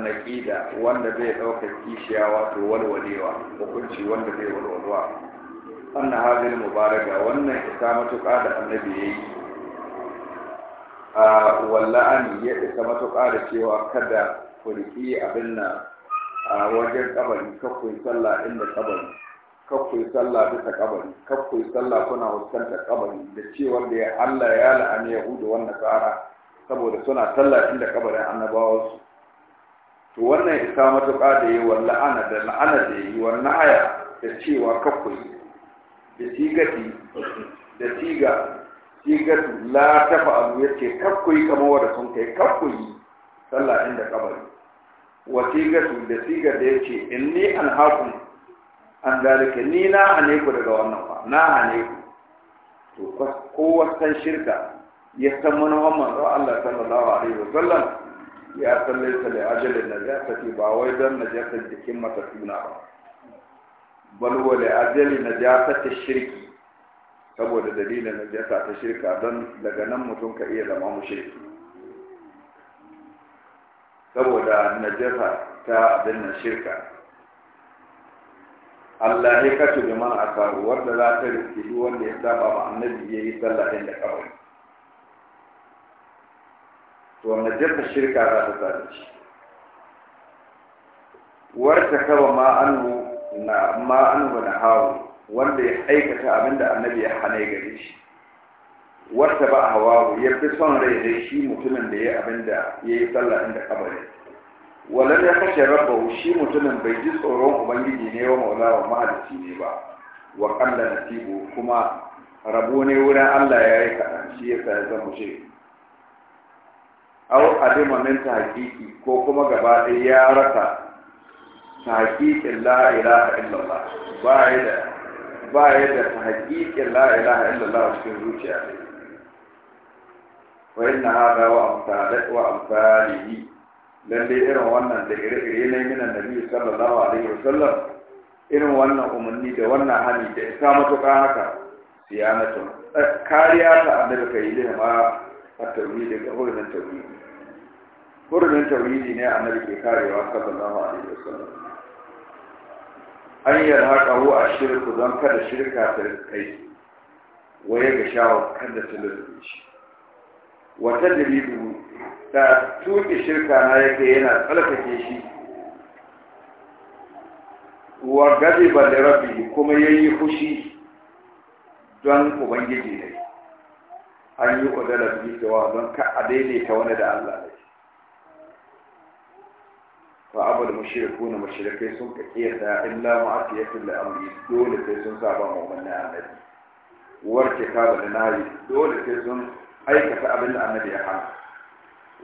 naƙida wanda zai ɗauka kishiya wato walwalewa hukunci wanda zai walwalewa wannan halin mubaraka wannan isa matuƙa da annabi ya yi a walla'ani ya isa matuƙa da cewa kada ku riƙi abin na a wajen kabari kakwai sallah inda kabari kakwai sallah bisa kabari kakwai sallah kuna fuskantar kabari da cewar da ya Allah ya la'ani Yahudu wannan tsara saboda suna sallah inda kabarin su. to wannan isa matuƙa da yi wa la'ana da la'ana da yi wa na'aya da cewa kakwai da sigati da siga la tafa abu yace kakkoyi kamar wanda sun kai kakkoyi sallah inda kabari yace an zalika ni na hane ku daga wannan fa na hane ku to kowa san shirka ya san manufan manzo Allah sallallahu alaihi wa sallam ya sallai sa da ajalin najasa ba wai don najasar jikin matatuna ba bal wa li ajali najasat shirki saboda dalilin najasa ta shirka don daga nan mutum ka iya zama mushriki saboda najasa ta abin nan shirka Allah ya kace da man asaru wanda za ta riski duk wanda ya saba ma annabi yayi sallah inda kawai to najasa shirka za ta tsare shi warta kaba ma annu na ma anhu na hawo wanda ya aikata abinda annabi ya hana gare shi wata ba hawawu ya fi son rai da shi mutumin da ya da ya yi sallah inda kabari walar ya kashe rabba shi mutumin bai ji tsoron ubangiji ne wa maula wa mahalicci ne ba wa kalla nasibu kuma rabo ne wurin allah ya yi kaɗan shi ya sa ya zama shi au abin minta hakiki ko kuma gaba ɗaya ya rasa تحقيق لا إله إلا الله بعد بعد تحقيق لا إله إلا الله في الروح يعني وإن هذا وأمثال وأمثاله لن يرون أن تقرأ إليه من النبي صلى الله عليه وسلم إن وانا أمني دا وانا هاني دا إسامة كاهكا سيانة كاريا تعمل كيلي ما التوحيد هو من التوحيد هو من التوحيد نعمل كاريا صلى الله عليه وسلم an yi a shirku don kada shirka ta kai waye ga shawar kada ta lulluɓe shi wata dalilu ta tuƙe shirka na yake yana tsarkake shi wa ba da rabi kuma ya yi fushi don ubangiji ne an yi da wa don ka a daidaita wani da allah ne fa abu da mushriku na kai sun kake da illa ma afiyatul amri dole sai sun saba mu wannan annabi warke ka da nari dole sai sun aikata abin da annabi ya hana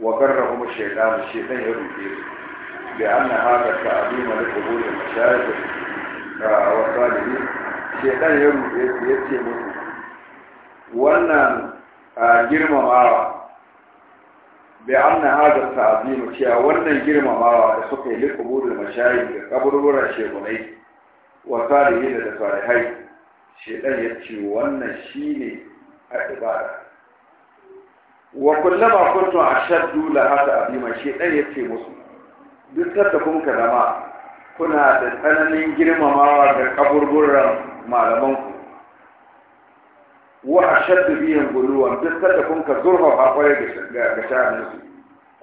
wa garrahu shaytan shaytan ya rufe su bi anna hada ta'zima li qubul al-mashayikh wa salihin shaytan ya rufe su ya ce musu wannan girmamawa بأن هذا التعظيم كيا ورنا جرم ما سقي لقبور المشاهد قبر ورا شيخوني وصالحي هذا صالحي شيئا يتشي ورنا شيني أكبر وكلما كنت أشد لهذا أبيما شيئا يتشي مسلم duk ta tafin ka zama kuna da tsananin girmamawa da kaburburan malamanku wa ashaddu bihim guluwan duk da kun ka zurfa ba kwarai ga sha'anin su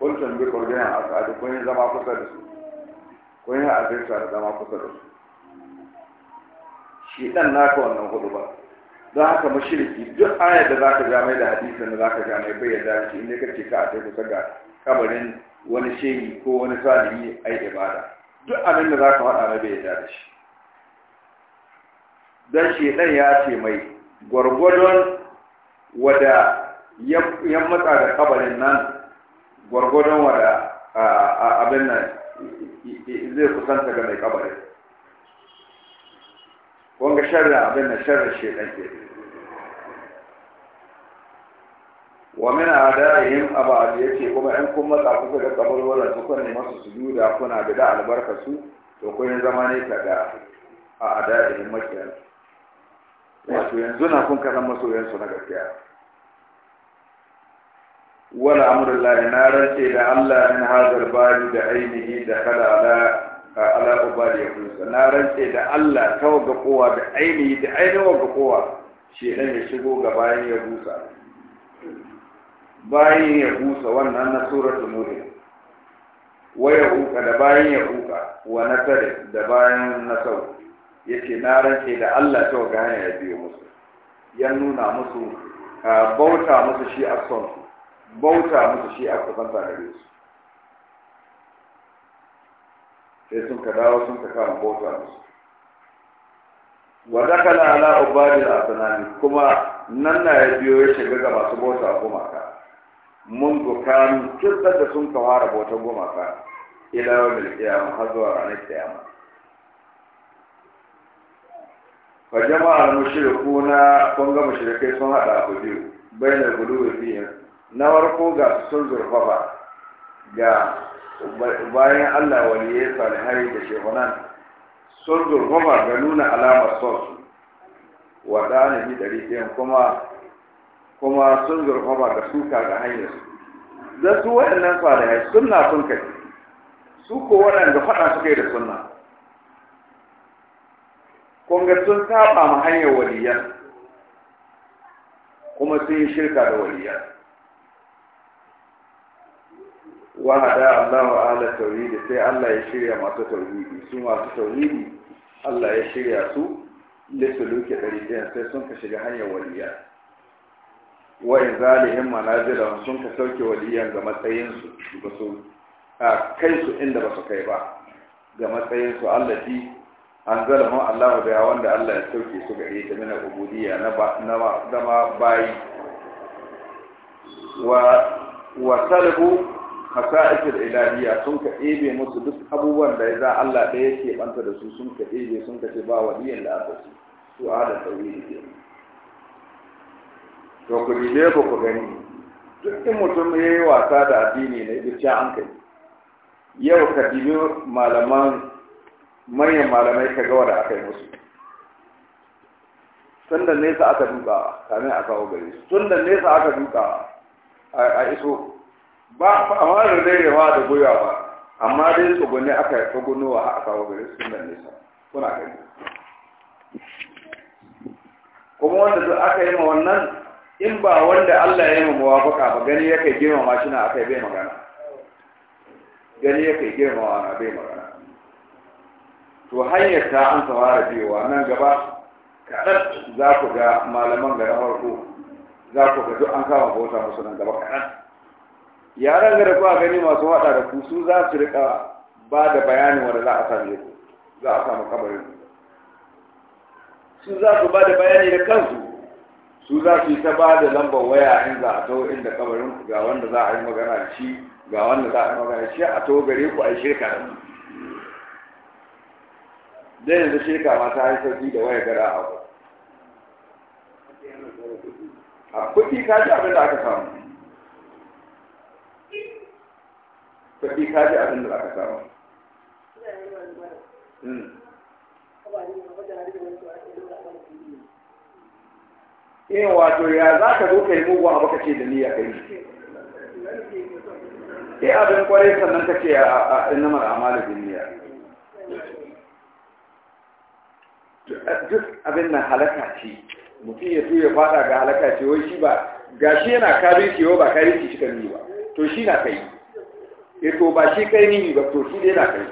kun san bi kurdiyan al'adu kun yi zama kusa da su kun yi azirta da zama kusa da su shi dan naka wannan hudu ba don haka mashirki duk ayar da za ka ja mai da hadisin da za ka ja mai bai yarda shi inda ka ce ka a sai kusa ga kabarin wani shehi ko wani salimi a yi ibada duk abin da za ka faɗa mai bai yarda da shi don shi ya ce mai gwargwadon wada ya matsa da kabarin nan gwargwadon wada abin nan zai kusanta ga mai kabarin wanga sharri abin nan shi shekan ke wa min adaihim biyar yace kuma in kun matsa kusa ga kabarwaran su kun masu sujuda kuna da albarka su to kun zama ne kaga a adaihim makiyansu wato yanzu na kun kasan masoyansu na gaskiya wala amrullahi na rance da Allah min hazar bari da ainihi da kada ala ala ubadi ya kunsa na rance da Allah ta waga kowa da ainihi da ainihin waga kowa shi dan ya shigo ga bayan ya busa bayan ya busa wannan na suratul mulk waya huka da bayan ya huka wa nasarar da bayan nasau yake na rance da Allah ta ga hanya ya biyo musu ya nuna musu bauta musu shi a son su bauta musu shi a kusanta da su sai sun ka dawo sun ka kawo bauta musu wa dakala ala da asnani kuma nan na ya biyo ya shiga ga masu bauta gumaka mun gukanu tun da sun ka fara bautar gumaka ila yawmil qiyamah har zuwa ranar qiyamah fa jama'ar mushrikuna kun ga mushrikai sun hada abu biyu bainar gudu biyu na farko ga sun ba ga bayan Allah waliyai salihai da shehunan sun ba ga nuna alamar son su ne bi ɗari ɗayan kuma kuma sun ba ga suka ga hanyar su su waɗannan salihai sunna sun kai su ko waɗanda faɗa suka yi da sunna kunga sun saba ma hanyar waliyan kuma sun yi shirka da waliyan wahada Allahu ala tauhidi sai Allah ya shirya masu tauhidi su masu tauhidi Allah ya shirya su ɗari ɗaya sai sun ka shiga hanyar waliyan wa in zalihim manazilan sun ka sauke waliyan ga matsayinsu ba su kai su inda ba su kai ba ga matsayinsu Allah fi an mun Allah da wanda Allah ya sauke su gare ta mina ubudiyya na zama bayi wa wa salbu hasa'ikul ilahiyya sun ka ɗebe musu duk abubuwan da za Allah da yake banta da su sun ka ɗebe sun ka ce ba waliyan da aka ci su a da tsauri ke to ku dibe ku ku gani duk in mutum ya yi wasa da addini ibi duk an kai yau ka dibe malaman manyan malamai ka gawa da aka yi musu tun da nesa aka duka kamin a kawo gari. tun da nesa aka duka a iso ba a fara rairewa da goya ba amma dai tsogoni aka yi tsogonowa a kawo gari tun da nesa kuna gari kuma wanda duk aka yi ma wannan in ba wanda Allah ya yi muwafaka ba gani ya girmama shi na aka yi bai magana gani kai girmama na bai magana to hanyar ta an sawara cewa nan gaba kaɗan za ku ga malaman ga farko za ku ga duk an kama bauta musu nan gaba kaɗan yaran ga da kuwa gani masu haɗa da ku su za su riƙa ba da bayanin wanda za a same ku za a samu kabarin su za su ba da bayani da kansu su za su yi ta ba da lambar waya in za a tawo inda kabarin ku ga wanda za a yi magana da shi ga wanda za a yi magana da shi a tawo gare ku a yi shirka da mu. dai yanzu shi ka ta yi sauki da waya gara a a kuɗi ka ji abin da aka samu kuɗi ka ji abin da aka samu in hmm. eh, wato ya za ka zo ka yi mugun abu ka ce da niyya ka yi eh abin kwarai sannan ka ce a innamar amalu bin niyya abin nan halaka ce mutum ya tuya fada ga halaka ce wai shi ba shi yana kabirci wai ba kabirci shi kanni ba to shi na kai e to ba shi kai ni ba to shi dai na kai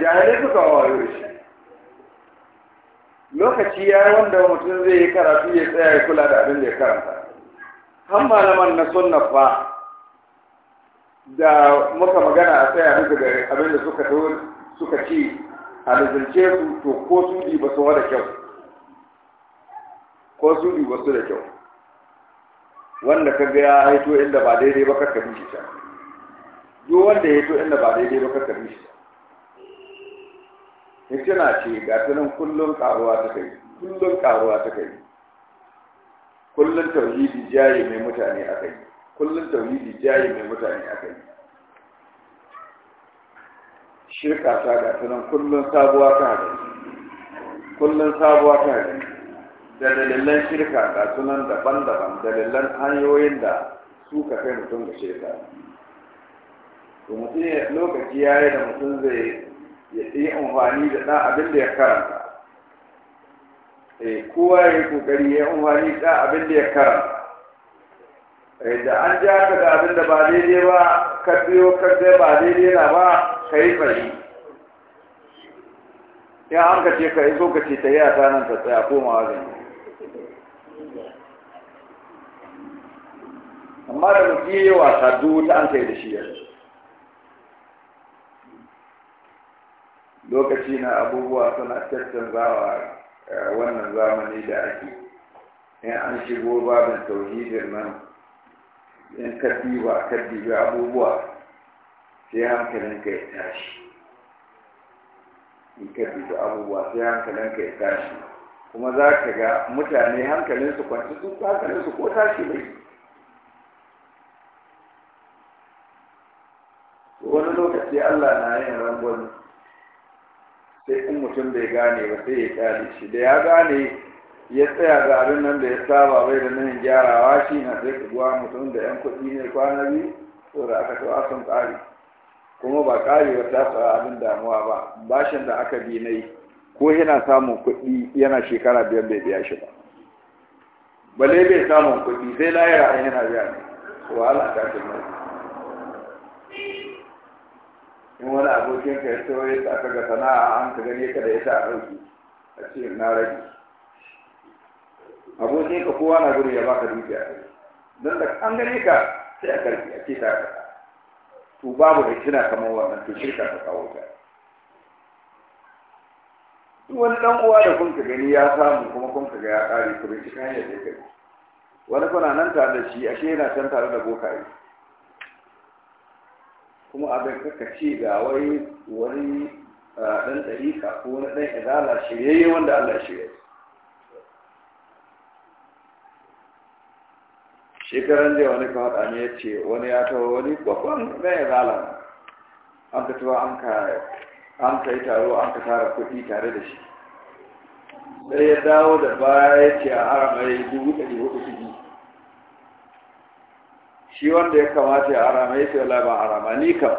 jahilai suka wayo shi lokaci ya yi wanda mutum zai yi karatu ya tsaya ya kula da abin da ya karanta na malaman na sunna fa da muka magana a tsaya muku da abin da suka tawo suka ci a nazarce su to ko su di ba su da kyau ko su di ba su da kyau wanda ka ga ya haito inda ba daidai ba ka kabi shi duk wanda ya haito inda ba daidai ba ka kabi shi tana ce ga tunan kullum karuwa ta kai kullum karuwa ta kai kullum tauhidi jari mai mutane a kai kullum tauhidi jayi mai mutane aka yi shirka ta ga tunan kullum sabuwa ta hadari kullum sabuwa ta hadari da dalilan shirka ga sunan daban-daban dalilan hanyoyin da su ka kai mutum ga shirka to mutum ya lokaci ya yi da mutum zai yi amfani da ɗan abin da ya karanta eh, kowa ya yi kokari ya yi amfani da abin da ya karanta Eh, da an ja ka da abin da ba daidai ba ka biyo ka ga ba daidai na ba ka yi fari ya an ka ce ka yi so ka ce ta yi a sanan ta tsaya komawa zan amma da mutum yi wasa duk ta an kai da shi yanzu lokaci na abubuwa suna tattanzawa eh, wannan zamani da ake in an shigo babin tauhidin nan in ka diba ka diba abubuwa sai hankalin ka ya tashi in ka diba abubuwa sai hankalin ka ya tashi kuma za ka ga mutane hankalinsu kwanci su hankalinsu ko tashi ne? wani lokaci Allah na yin rangon sai in mutum bai gane ba sai ya tsari shi da ya gane ya tsaya ga abin nan da ya saba bai da nan gyarawa shi na sai buwa mutum da yan kuɗi ne kwana biyu to da aka tawa sun ƙari kuma ba ƙari ba ta tsara abin damuwa ba bashin da aka bi nai ko yana samun kuɗi yana shekara biyar bai biya shi ba bale bai samun kuɗi sai layara an yana biya ne wahala ta ce mai in wani abokin ka ya tsaye aka ga sana'a an ka gani ka da sa a ɗauki a ce na rage abokin ka kowa na gudu ya baka dukiya don da an gane ka sai a karfi a ce ka to babu da kina kamar wannan to shirka ta kawo ta duk wani dan uwa da kun ka gani ya samu kuma kun ka ga ya kare ku bai cika hanyar da kai wani kuna nan tare da shi ashe yana can tare da bokaye kuma abin kaka ce ga wai wani dan ah, ɗariƙa ko wani ɗan izala shiryayye wanda Allah shirya shekaran da wani hada ne ya ce wani ya tawo wani babban na zalan an ka tuwa an ka yi taro an ka tara kudi tare da shi sai ya dawo da baya ya ce a ara mai dubu ɗari hudu su yi shi wanda ya kamata ya ara mai sai wala ba ara ma ni kam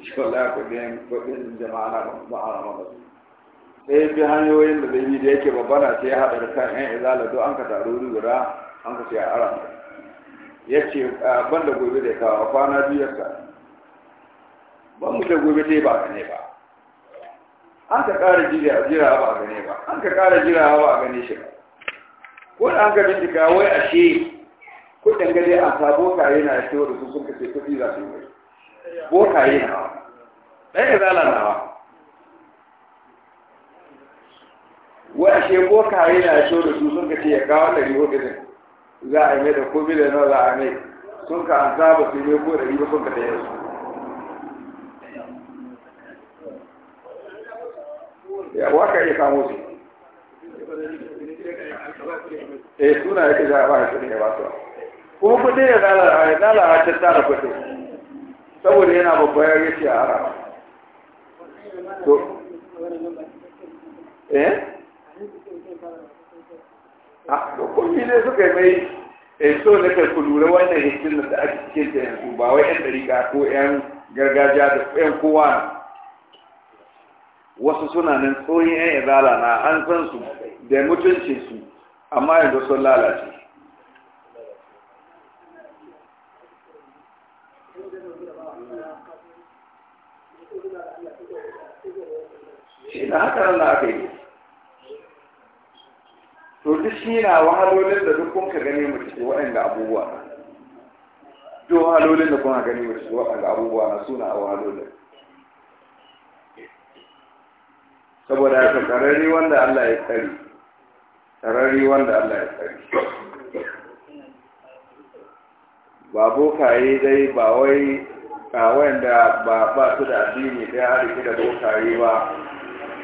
shi wala kuɗin kuɗin jama'a na ba ara ba sai bi hanyoyin da zai yi da yake babbana sai ya haɗa da kan yan izala do an ka taro guda an ka ce a ara ya ce ban da gobe da kawo kwana biyu ya sa ban mu da gobe yi ba gane ba an ka ƙara jira ba gane ba an ka ƙara jira ba gane shi ba ko da an ka bincika wai ashe kudin gade a sa yana na yake wadda sun suka ce kudi za su yi mai bokaye na ɗan ya zala na wa wai ashe yana na yake wadda sun suka ce ya kawo ɗari hudu ne za a yi da ko miliyan nawa za a mai sun ka an saba su ne ko ɗari ba sun ka da su ya wa ka iya kamo su eh suna yake za a ba su ne ba su kuma kuɗi ya lalata ta da kuɗi saboda yana babbar yare ce a ara to eh a ah, suka mai e so ne kai ku lura wannan hikimin da ake cikin ta yanzu ba wai yan dariƙa ko yan gargajiya da yan kowa wasu suna nan tsohon yan izala na an san su da mutuncin su amma yanzu sun lalace shi na haka nan da aka yi to duk shi na wahalolin da duk kun ka gani mu ce waɗanda abubuwa na duk wahalolin da kun gani mu ce waɗanda abubuwa na suna a wahalolin saboda ya tsarari wanda Allah ya tsari tsarari wanda Allah ya tsari ba bokaye dai ba wai ba wanda ba ba su da addini dai har da bokaye ba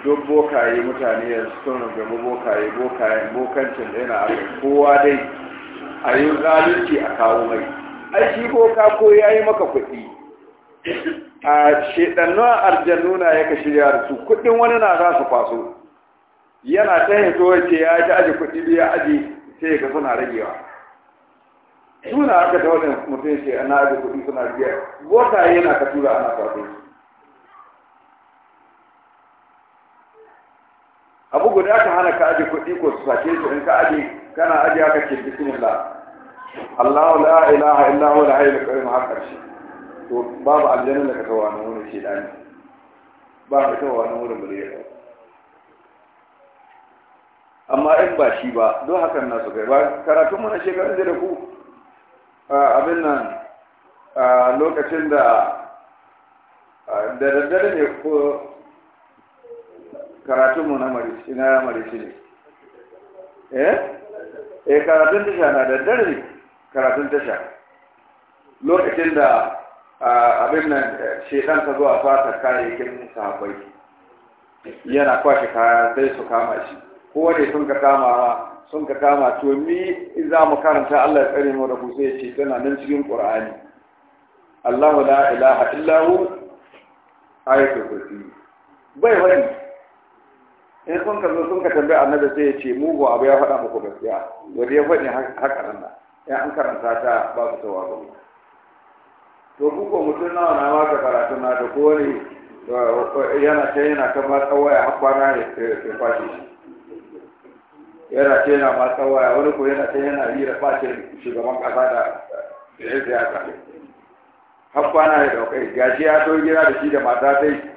duk bokaye mutane ya suna gaba bokaye bokayen bokancin da yana akai kowa dai a yi zalunci a kawo mai ai shi boka ko ya yi maka kuɗi a a arjannu na ya kashi ya da su kuɗin wani na za su kwaso yana ta hito ce ya ji aji kuɗi biya aji sai ka suna ragewa suna aka ta wajen mutum ce ana aji kuɗi suna biya bokaye yana ka tura ana kwaso abu guda ka hana ka aje kuɗi ko su sace su in ka aje kana aje haka ke, bismillah Allahu la ilaha illa huwa al-hayyul qayyum har karshe to babu aljanna da ka tawa nan wurin shi dani ba ka tawa nan wurin bare amma in ba shi ba don hakan na su kai ba karatun mana shekarun da ku abin nan lokacin da da daddare ne ko karatun mu na marici na marici ne eh eh karatun tasha na daddare ne karatun tasha lokacin da abin nan shekan ka a fata kayayyakin sahabbai yana kwashe kaya sai su kama shi kowane sun ka kama sun ka kama to mi za mu karanta Allah ya tsare mu da ku sai ya ce tana nan cikin Qur'ani Allahu la ilaha illa hu ayatul kursi bai wani in sun ka zo sun ka tambayi annabi sai ya ce mugu abu ya faɗa muku gaskiya wanda ya faɗi haka nan ya an karanta ta ba su tawa ba to ku ko mutum nawa na ma ka karatu na da kowane yana ta yana ta ma tsawaya har kwana ya kwashe shi yana ta yana ma tsawaya wani ko yana ta yana hira face shugaban ƙasa da da ya siyasa har kwana ya ɗaukai gashi ya to gida da shi da mata sai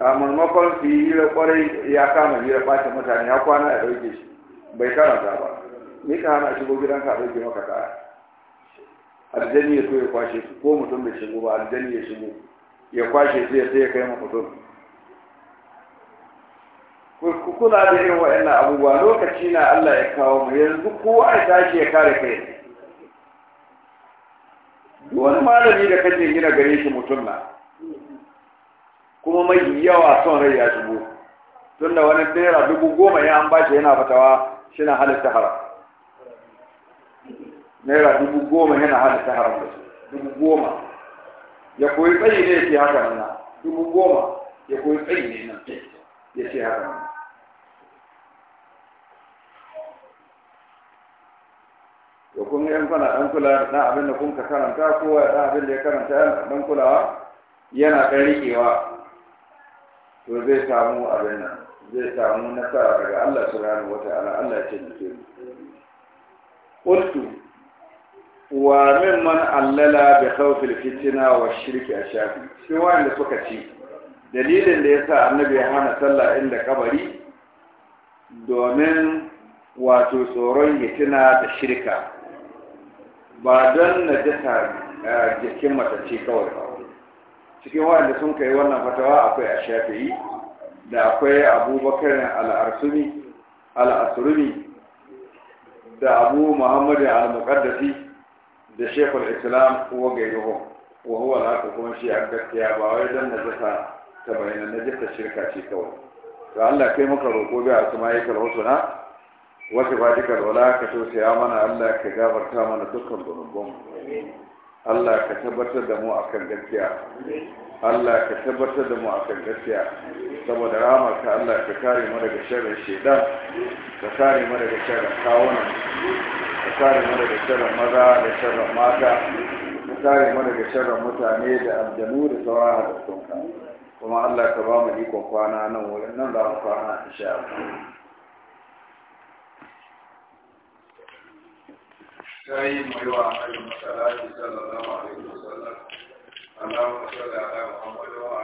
a maimakon su yi hira kwarai ya kama hira ɓata mutane ya kwana a ɗauke shi bai karanta ba ni ka hana shigo gidanka a ɗauke maka kaya aljani ya so ya kwashe su ko mutum bai shigo ba aljani ya shigo ya kwashe su ya sai ya kai ma mutum Kuna da yin waɗannan abubuwa lokaci na Allah ya kawo mu yanzu kowa ya tashi ya kare kai wani malami da kake gina gare shi mutum na kuma mai yawa son rai ya shigo tunda wani naira dubu goma ya an bashi yana fatawa shi na halitta haram naira dubu goma yana halitta haram da dubu goma ya koyi tsayi ne yake haka nan dubu goma ya koyi tsayi ne nan ya ce haka nan to kun yan kana dan kula da abin da kun ka karanta kowa ya dan abin da ya karanta dan kulawa yana dan rikewa to zai samu abin nan zai samu nasara daga Allah subhanahu ta'ala, Allah ya ce mu qultu wa man allala bi khawfil fitna wa shirki ashafi shi wanda suka ci dalilin da yasa annabi ya hana sallah inda kabari domin wato tsoron fitina da shirka ba don najasa jikin ce kawai ba cikin waɗanda sun kai wannan fatawa akwai a shafi'i da akwai abubakar al'arsumi al'asurumi da abu muhammadin al-muqaddasi da shekul islam wa gairuhu wa huwa la kuma shi a gaskiya ba wai dan najasa ta bayyana najasa shirka ce kawai to Allah kai maka roƙo bi a kuma yakal husna wasu sifatikal wala ka so sai mana Allah ka gafarta mana dukkan amin Allah ka tabbatar da mu akan gaskiya Allah ka tabbatar da mu akan gaskiya saboda rahamarka Allah ka kare mu daga sharrin shedan ka kare mu daga sharrin kawuna, ka kare mu daga sharrin maza da sharrin mata ka kare mu daga sharrin mutane da aljanu da sauran halittunka kuma Allah ka ba mu ikon kwana nan wurin nan za mu kwana insha Allah ta yi mai wa ahalin masalati sallallahu alaihi wasallam Allahumma salli ala